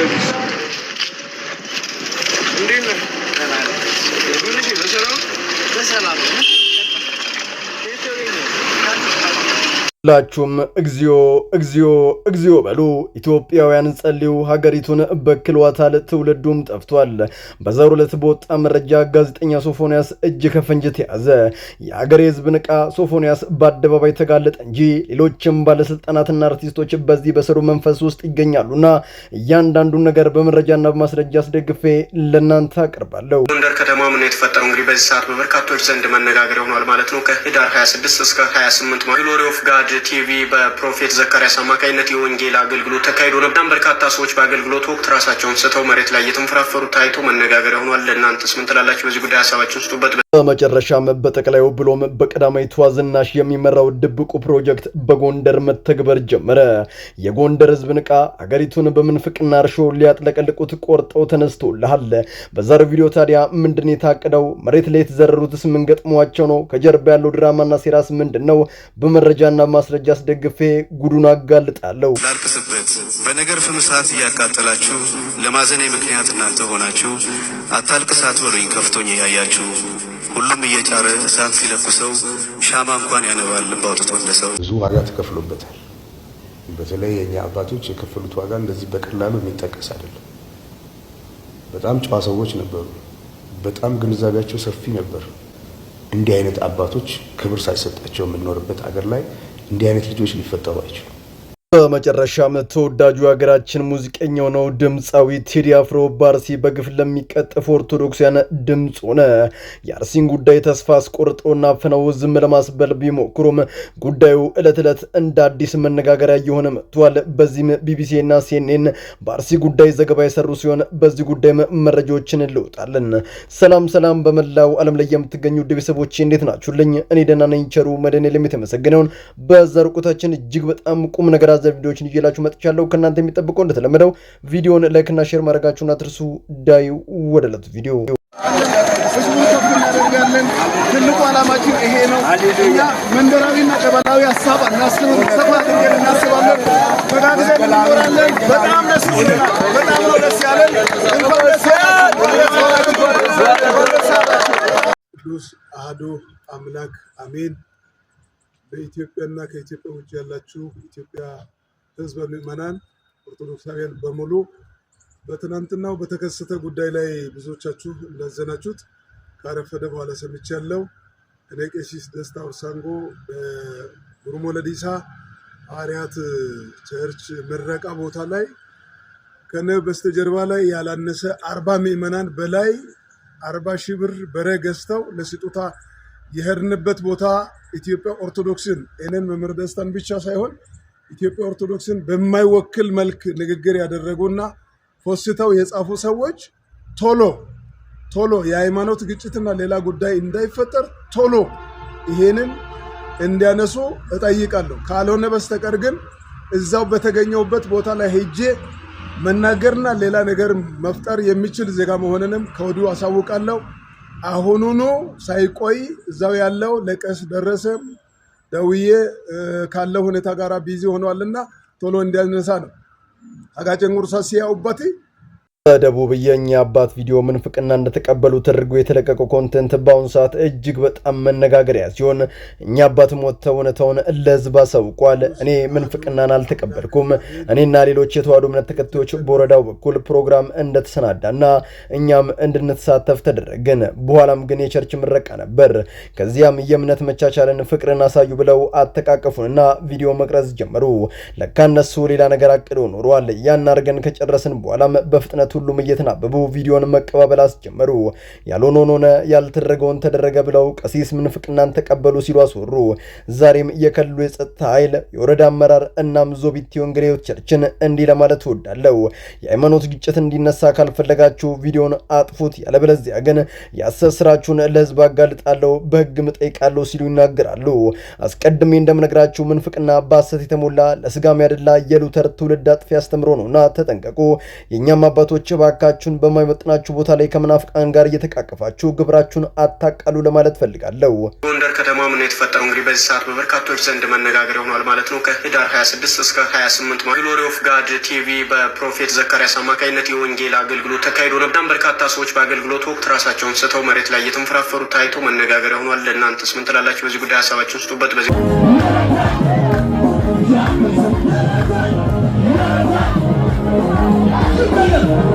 Thank you. ሁላችሁም እግዚኦ እግዚኦ እግዚኦ በሉ። ኢትዮጵያውያን ጸልዩ፣ ሀገሪቱን በክሏታል፣ ትውልዱም ጠፍቷል። በዛሬው ዕለት በወጣ መረጃ ጋዜጠኛ ሶፎንያስ እጅ ከፈንጅ ተያዘ። የአገሬ ሕዝብ ንቃ! ሶፎንያስ በአደባባይ ተጋለጠ እንጂ ሌሎችም ባለስልጣናትና አርቲስቶች በዚህ በሰሩ መንፈስ ውስጥ ይገኛሉና እያንዳንዱን ነገር በመረጃና በማስረጃ አስደግፌ ለእናንተ አቀርባለሁ። ጎንደር ከተማ ምን የተፈጠረው እንግዲህ በዚህ ሰዓት በበርካቶች ዘንድ መነጋገር ሆኗል ማለት ነው። ከህዳር 26 እስከ 28 ግሎሪ ኦፍ ጋድ ቲቪ በፕሮፌት ዘካርያስ አማካኝነት የወንጌል አገልግሎት ተካሂዶ ነበር። በርካታ ሰዎች በአገልግሎት ወቅት ራሳቸውን ስተው መሬት ላይ እየተንፈራፈሩ ታይቶ መነጋገር ሆኗል። እናንተስ ምን ትላላችሁ? በዚህ ጉዳይ ሀሳባችሁን ስጡበት። በመጨረሻም በጠቅላዩ ብሎም በቀዳማዊቷ ዝናሽ የሚመራው ድብቁ ፕሮጀክት በጎንደር መተግበር ጀመረ። የጎንደር ህዝብ ንቃ፣ አገሪቱን በምንፍቅና እርሾ ሊያጥለቀልቁት ቆርጠው ተነስቶልሃል። በዛሬ ቪዲዮ ታዲያ ምንድን የታቀደው? መሬት ላይ የተዘረሩትስ ምን ገጥሟቸው ነው? ከጀርባ ያለው ድራማና ሴራስ ምንድን ነው? በመረጃና ማስረጃ አስደግፌ ጉዱን አጋልጣለሁ። ላልቅስበት በነገር ፍም ሰዓት እያቃጠላችሁ ለማዘኔ ምክንያት እናንተ ሆናችሁ አታልቅሳት በሉኝ ከፍቶኝ ያያችሁ ሁሉም እየጫረ እሳት ሲለኩሰው ሻማ እንኳን ያነባል ባውጥቶ እንደ ሰው። ብዙ ዋጋ ተከፍሎበታል። በተለይ የእኛ አባቶች የከፈሉት ዋጋ እንደዚህ በቀላሉ የሚጠቀስ አይደለም። በጣም ጨዋ ሰዎች ነበሩ። በጣም ግንዛቤያቸው ሰፊ ነበር። እንዲህ አይነት አባቶች ክብር ሳይሰጣቸው የምንኖርበት አገር ላይ እንዲህ አይነት ልጆች ሊፈጠሩ አይችሉም። በመጨረሻም ተወዳጁ ሀገራችን ሙዚቀኛ የሆነው ድምፃዊ ቴዲ አፍሮ በአርሲ በግፍ ለሚቀጠፉ ኦርቶዶክሳውያን ድምፅ ሆነ። የአርሲን ጉዳይ ተስፋ አስቆርጦና ፍነው ዝም ለማስበል ቢሞክሩም ጉዳዩ ዕለት ዕለት እንደ አዲስ መነጋገሪያ እየሆነ መጥቷል። በዚህም ቢቢሲና ሲኤንኤን በአርሲ ጉዳይ ዘገባ የሰሩ ሲሆን በዚህ ጉዳይም መረጃዎችን እንለውጣለን። ሰላም ሰላም፣ በመላው ዓለም ላይ የምትገኙ ውድ ቤተሰቦቼ እንዴት ናችሁልኝ? እኔ ደህና ነኝ። ቸሩ መድኃኔዓለም የተመሰገነውን በዘርቁታችን እጅግ በጣም ቁም ነገር አዘል ቪዲዮዎችን ይዤላችሁ መጥቻለሁ። ከእናንተ የሚጠብቀው እንደተለመደው ቪዲዮን ላይክና ሼር ማድረጋችሁን አትርሱ። ዳዩ ወደ ዕለቱ ቪዲዮ ትልቁ ዓላማችን ይሄ ነው። እኛ መንደራዊና ቀበላዊ ሀሳብ እናስክብር፣ ሰፋ አድርገን እናስባለን፣ ተጋግዘን እንኖራለን። በጣም ደስ ይላል። በጣም ነው ደስ ያለን። እንኳን ደስ ያለን። ቅዱስ አሐዱ አምላክ አሜን። በኢትዮጵያና ከኢትዮጵያ ውጭ ያላችሁ ኢትዮጵያ ሕዝብ ምዕመናን ኦርቶዶክሳውያን በሙሉ በትናንትናው በተከሰተ ጉዳይ ላይ ብዙዎቻችሁ እንዳዘናችሁት ካረፈደ በኋላ ሰምቻለሁ። እኔ ቄሲስ ደስታ ውሳንጎ በጉርሞ ለዲሳ አርያት ቸርች ምረቃ ቦታ ላይ ከነ በስተጀርባ ላይ ያላነሰ አርባ ምዕመናን በላይ አርባ ሺህ ብር በሬ ገዝተው ለስጦታ የሄድንበት ቦታ ኢትዮጵያ ኦርቶዶክስን እኔን መምህር ደስታን ብቻ ሳይሆን ኢትዮጵያ ኦርቶዶክስን በማይወክል መልክ ንግግር ያደረጉና ፖስተው የጻፉ ሰዎች ቶሎ ቶሎ የሃይማኖት ግጭትና ሌላ ጉዳይ እንዳይፈጠር ቶሎ ይሄንን እንዲያነሱ እጠይቃለሁ። ካልሆነ በስተቀር ግን እዛው በተገኘውበት ቦታ ላይ ሄጄ መናገርና ሌላ ነገር መፍጠር የሚችል ዜጋ መሆንንም ከወዲሁ አሳውቃለሁ። አሁኑኑ ሳይቆይ እዛው ያለው ለቀስ ደረሰ ደውዬ ካለው ሁኔታ ጋር ቢዚ ሆኗልና ቶሎ እንዲያነሳ ነው አጋጨን ጉርሳ ሲያውበት በደቡብ የኛ አባት ቪዲዮ ምንፍቅና እንደተቀበሉ ተደርጎ የተለቀቀው ኮንቴንት በአሁኑ ሰዓት እጅግ በጣም መነጋገሪያ ሲሆን እኛ አባትም ወጥተው እውነታውን ለህዝብ አሳውቋል። እኔ ምንፍቅናን አልተቀበልኩም። እኔና ሌሎች የተዋህዶ እምነት ተከታዮች በወረዳው በኩል ፕሮግራም እንደተሰናዳና እኛም እንድንተሳተፍ ተደረግን። በኋላም ግን የቸርች ምረቃ ነበር። ከዚያም የእምነት መቻቻልን፣ ፍቅርን አሳዩ ብለው አተቃቀፉንና ቪዲዮ መቅረጽ ጀመሩ። ለካ እነሱ ሌላ ነገር አቅደው ኑሯል። ያን አድርገን ከጨረስን በኋላም በፍጥነቱ ሁሉም እየተናበቡ ቪዲዮን መቀባበል አስጀመሩ። ያልሆነውን ሆነ፣ ያልተደረገውን ተደረገ ብለው ቀሲስ ምንፍቅናን ተቀበሉ ሲሉ አስወሩ። ዛሬም የከሉ የጸጥታ ኃይል የወረዳ አመራር እናም ዞቢቴ ወንጌል ቸርችን እንዲህ ለማለት እወዳለሁ። የሃይማኖት ግጭት እንዲነሳ ካልፈለጋችሁ ቪዲዮን አጥፉት፣ ያለበለዚያ ግን የሐሰት ስራችሁን ለህዝብ አጋልጣለሁ፣ በህግም እጠይቃለሁ ሲሉ ይናገራሉ። አስቀድሜ እንደምነግራችሁ ምንፍቅና በሐሰት የተሞላ ለስጋም ያደላ የሉተር ትውልድ አጥፊ አስተምሮ ነውና ተጠንቀቁ። የእኛም አባቶች ሰዎች እባካችሁን በማይመጥናችሁ ቦታ ላይ ከመናፍቃን ጋር እየተቃቀፋችሁ ግብራችሁን አታቃሉ ለማለት ፈልጋለሁ። ጎንደር ከተማ ምን የተፈጠረው እንግዲህ በዚህ ሰዓት በበርካቶች ዘንድ መነጋገር ሆኗል ማለት ነው። ከህዳር 26 እስከ 28 ግሎሪ ኦፍ ጋድ ቲቪ በፕሮፌት ዘካርያስ አማካኝነት የወንጌል አገልግሎት ተካሂዶ ነበር። በርካታ ሰዎች በአገልግሎት ወቅት ራሳቸውን ስተው መሬት ላይ እየተንፈራፈሩ ታይቶ መነጋገር ሆኗል። ለእናንተስ ምን ትላላችሁ? በዚህ ጉዳይ ሀሳባችሁን ስጡበት። በዚህ Yeah. you.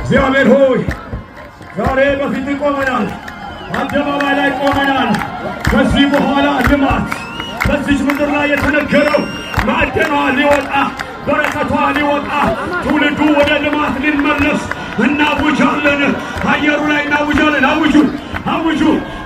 እግዚአብሔር ሆይ ዛሬ በፊት ቆመናል፣ አደባባይ ላይ ቆመናል። ከዚህ በኋላ ልማት በዚች ምድር ላይ የተነገረው ማዕደኗ ሊወጣ በረከቷ ሊወጣ ትውልዱ ወደ ልማት ሊመለስ እናውጃለን። አየሩ ላይ እናውጃለን። አውጁ አውጁ!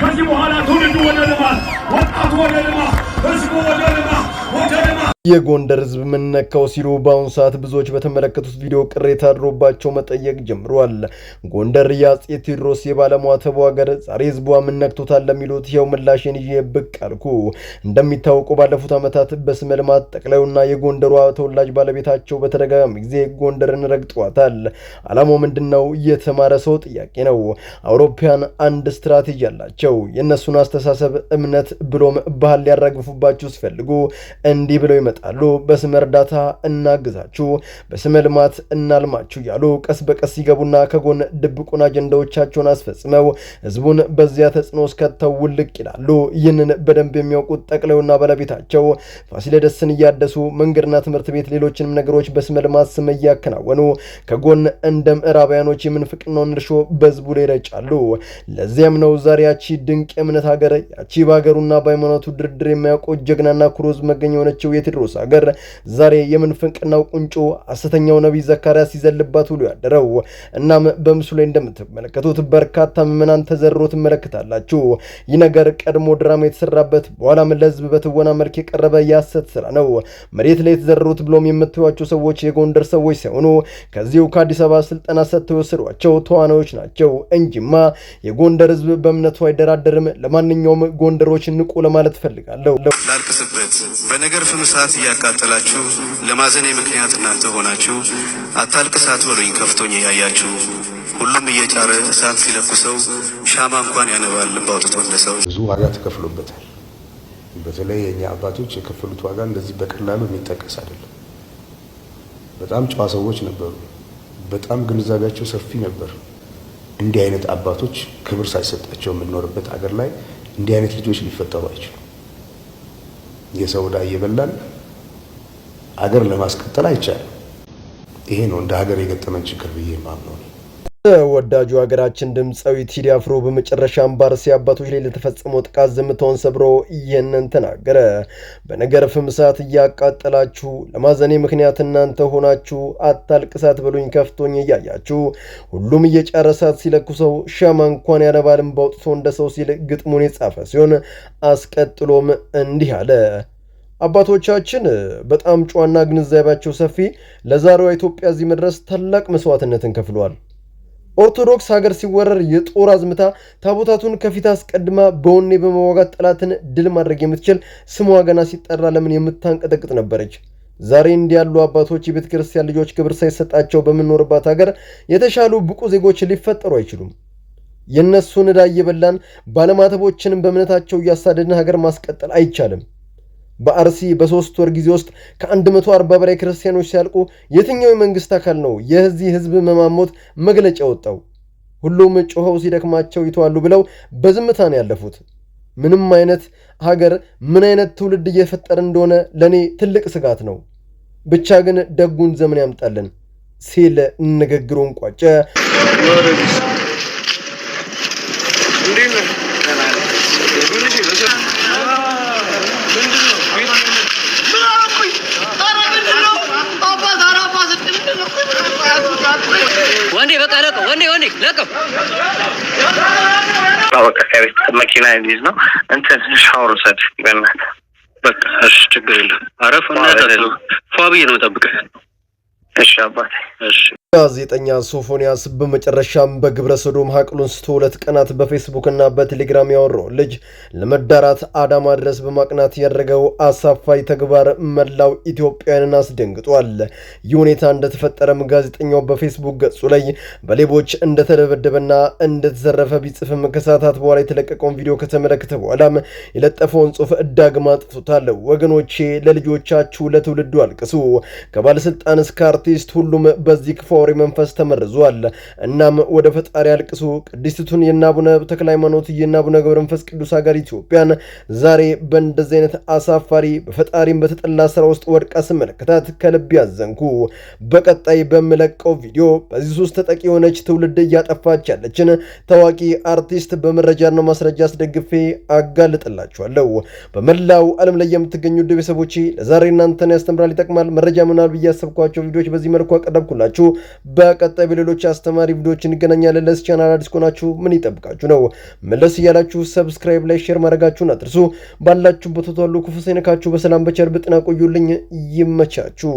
ከዚህ በኋላ ትውልዱ ወደ ልማት፣ ወጣቱ ወደ ልማት፣ ህዝቡ ወደ የጎንደር ህዝብ ምነካው ሲሉ በአሁኑ ሰዓት ብዙዎች በተመለከቱት ቪዲዮ ቅሬታ አድሮባቸው መጠየቅ ጀምሯል። ጎንደር የአፄ ቴዎድሮስ የባለሟ ተዋገር ዛሬ ህዝቧ ምነክቶታል ለሚሉት ይኸው ምላሽን ይዤ ብቅ አልኩ። እንደሚታወቁ ባለፉት ዓመታት በስመ ልማት ጠቅላዩና የጎንደሯ ተወላጅ ባለቤታቸው በተደጋጋሚ ጊዜ ጎንደርን ረግጠዋታል። አላማው ምንድን ነው? የተማረ ሰው ጥያቄ ነው። አውሮፓያን አንድ ስትራቴጂ አላቸው። የእነሱን አስተሳሰብ፣ እምነት ብሎም ባህል ሊያራግፉባቸው ሲፈልጉ እንዲህ ብለው ይመጣል ይወጣሉ። በስመ እርዳታ እናግዛችሁ፣ በስመ ልማት እናልማችሁ እያሉ ቀስ በቀስ ሲገቡና ከጎን ድብቁን አጀንዳዎቻቸውን አስፈጽመው ህዝቡን በዚያ ተጽዕኖ እስከተው ውልቅ ይላሉ። ይህንን በደንብ የሚያውቁት ጠቅላዩና ባለቤታቸው ፋሲለደስን እያደሱ መንገድና ትምህርት ቤት፣ ሌሎችንም ነገሮች በስመ ልማት ስም እያከናወኑ ከጎን እንደ ምዕራባውያኖች የምንፍቅናውን እርሾ በህዝቡ ላይ ይረጫሉ። ለዚያም ነው ዛሬ ያቺ ድንቅ የእምነት ሀገር ያቺ በሀገሩና በሃይማኖቱ ድርድር የማያውቀው ጀግናና ኩሩ ህዝብ መገኛ የሆነችው የቴድ ቴዎድሮስ አገር ዛሬ የምንፍንቅናው ቁንጮ ሐሰተኛው ነቢይ ዘካርያስ ሲዘልባት ውሎ ያደረው። እናም በምስሉ ላይ እንደምትመለከቱት በርካታ ምዕመናን ተዘርሮ ትመለከታላችሁ። ይህ ነገር ቀድሞ ድራማ የተሰራበት በኋላም ለህዝብ በትወና መልክ የቀረበ የሐሰት ስራ ነው። መሬት ላይ የተዘረሩት ብሎም የምትዋቸው ሰዎች የጎንደር ሰዎች ሳይሆኑ ከዚሁ ከአዲስ አበባ ስልጠና ሰጥተው የወሰዷቸው ተዋናዮች ናቸው እንጂማ የጎንደር ህዝብ በእምነቱ አይደራደርም። ለማንኛውም ጎንደሮች ንቁ ለማለት ፈልጋለሁ ላልቅስበት በነገር ፍምሳ እሳት እያቃጠላችሁ ለማዘኔ ምክንያት እናንተ ሆናችሁ አታልቅ እሳት አትበሉኝ ከፍቶኝ እያያችሁ ሁሉም እየጫረ እሳት ሲለኩሰው ሻማ እንኳን ያነባል ልብ አውጥቶ እንደ ሰው። ብዙ ዋጋ ተከፍሎበታል። በተለይ የእኛ አባቶች የከፈሉት ዋጋ እንደዚህ በቀላሉ የሚጠቀስ አይደለም። በጣም ጨዋ ሰዎች ነበሩ። በጣም ግንዛቤያቸው ሰፊ ነበር። እንዲህ አይነት አባቶች ክብር ሳይሰጣቸው የምንኖርበት አገር ላይ እንዲህ አይነት ልጆች ሊፈጠሩ አይችሉም። የሰው ዕዳ እየበላን አገር ለማስቀጠል አይቻልም። ይሄ ነው እንደ ሀገር የገጠመን ችግር ብዬ ማምነው። ተወዳጁ ሀገራችን ድምፃዊ ቴዲ አፍሮ በመጨረሻም በአርሲ አባቶች ላይ ለተፈጸመው ጥቃት ዝምታውን ሰብሮ ይህንን ተናገረ። በነገር ፍም እሳት እያቃጠላችሁ ለማዘኔ ምክንያት እናንተ ሆናችሁ አታልቅሳት በሉኝ ከፍቶኝ እያያችሁ ሁሉም እየጨረሳት ሲለኩ ሰው ሻማ እንኳን ያነባልም ባውጥቶ እንደ ሰው ሲል ግጥሙን የጻፈ ሲሆን አስቀጥሎም እንዲህ አለ። አባቶቻችን በጣም ጨዋና ግንዛቤያቸው ሰፊ ለዛሬዋ ኢትዮጵያ እዚህ መድረስ ታላቅ መስዋዕትነትን ከፍለዋል። ኦርቶዶክስ ሀገር ሲወረር የጦር አዝምታ ታቦታቱን ከፊት አስቀድማ በወኔ በመዋጋት ጠላትን ድል ማድረግ የምትችል ስሟ ገና ሲጠራ ለምን የምታንቀጠቅጥ ነበረች። ዛሬ እንዲያሉ አባቶች የቤተ ክርስቲያን ልጆች ክብር ሳይሰጣቸው በምንኖርባት ሀገር የተሻሉ ብቁ ዜጎች ሊፈጠሩ አይችሉም። የእነሱን ዕዳ እየበላን ባለማተቦችንም በእምነታቸው እያሳደድን ሀገር ማስቀጠል አይቻልም። በአርሲ በሶስት ወር ጊዜ ውስጥ ከ140 በላይ ክርስቲያኖች ሲያልቁ የትኛው የመንግስት አካል ነው የዚህ ሕዝብ መማሞት መግለጫ ወጣው? ሁሉም ጮኸው ሲደክማቸው ይተዋሉ ብለው በዝምታ ነው ያለፉት። ምንም አይነት ሀገር ምን አይነት ትውልድ እየፈጠረ እንደሆነ ለእኔ ትልቅ ስጋት ነው። ብቻ ግን ደጉን ዘመን ያምጣልን ሲል ንግግሩን ቋጨ። ወንዴ በቃ ለቀው፣ ወንዴ ወንዴ ለቀው። በቃ ከቤት መኪና እንዲይዝ ነው እንትን ሻወር ውሰድ በእናትህ በቃ። እሺ ችግር የለም። አረፍ ፏ ብዬ ነው የምጠብቀው። እሺ አባት እሺ። ጋዜጠኛ ሶፎንያስ በመጨረሻም በግብረ ሰዶም ሀቅሉን ስቶ ሁለት ቀናት በፌስቡክና በቴሌግራም ያወራው ልጅ ለመዳራት አዳማ ድረስ በማቅናት ያደረገው አሳፋይ ተግባር መላው ኢትዮጵያውያንን አስደንግጧል። ይህ ሁኔታ እንደተፈጠረም ጋዜጠኛው በፌስቡክ ገጹ ላይ በሌቦች እንደተደበደበና እንደተዘረፈ ቢጽፍም ከሰዓታት በኋላ የተለቀቀውን ቪዲዮ ከተመለከተ በኋላም የለጠፈውን ጽሑፍ ዳግም አጥፍቶታል። ወገኖቼ፣ ለልጆቻችሁ ለትውልዱ አልቅሱ። ከባለስልጣን እስከ አርቲስት አርቲስት ሁሉም በዚህ ክፉ አውሬ መንፈስ ተመርዟል። እናም ወደ ፈጣሪ አልቅሱ። ቅድስቲቱን የናቡነ ተክለ ሃይማኖት የአቡነ ገብረ መንፈስ ቅዱስ ሀገር ኢትዮጵያን ዛሬ በእንደዚህ አይነት አሳፋሪ በፈጣሪም በተጠላ ስራ ውስጥ ወድቃ ስመለከታት ከልብ ያዘንኩ። በቀጣይ በምለቀው ቪዲዮ በዚህ ሱስ ተጠቂ የሆነች ትውልድ እያጠፋች ያለችን ታዋቂ አርቲስት በመረጃና ማስረጃ አስደግፌ አጋልጥላችኋለሁ። በመላው ዓለም ላይ የምትገኙ ውድ ቤተሰቦቼ ለዛሬ እናንተን ያስተምራል፣ ይጠቅማል፣ መረጃ ምናል ብዬ ያሰብኳቸው ቪዲዮዎች በዚህ መልኩ አቀረብኩላችሁ። በቀጣይ በሌሎች አስተማሪ ቪዲዮዎች እንገናኛለን። ለዚህ ቻናል አዲስ ከሆናችሁ ምን ይጠብቃችሁ ነው? መለስ እያላችሁ ሰብስክራይብ ላይ ሼር ማድረጋችሁን አትርሱ። ባላችሁበት ሁሉ ክፉ ሳይነካችሁ በሰላም በቸር በጤና ቆዩልኝ። ይመቻችሁ።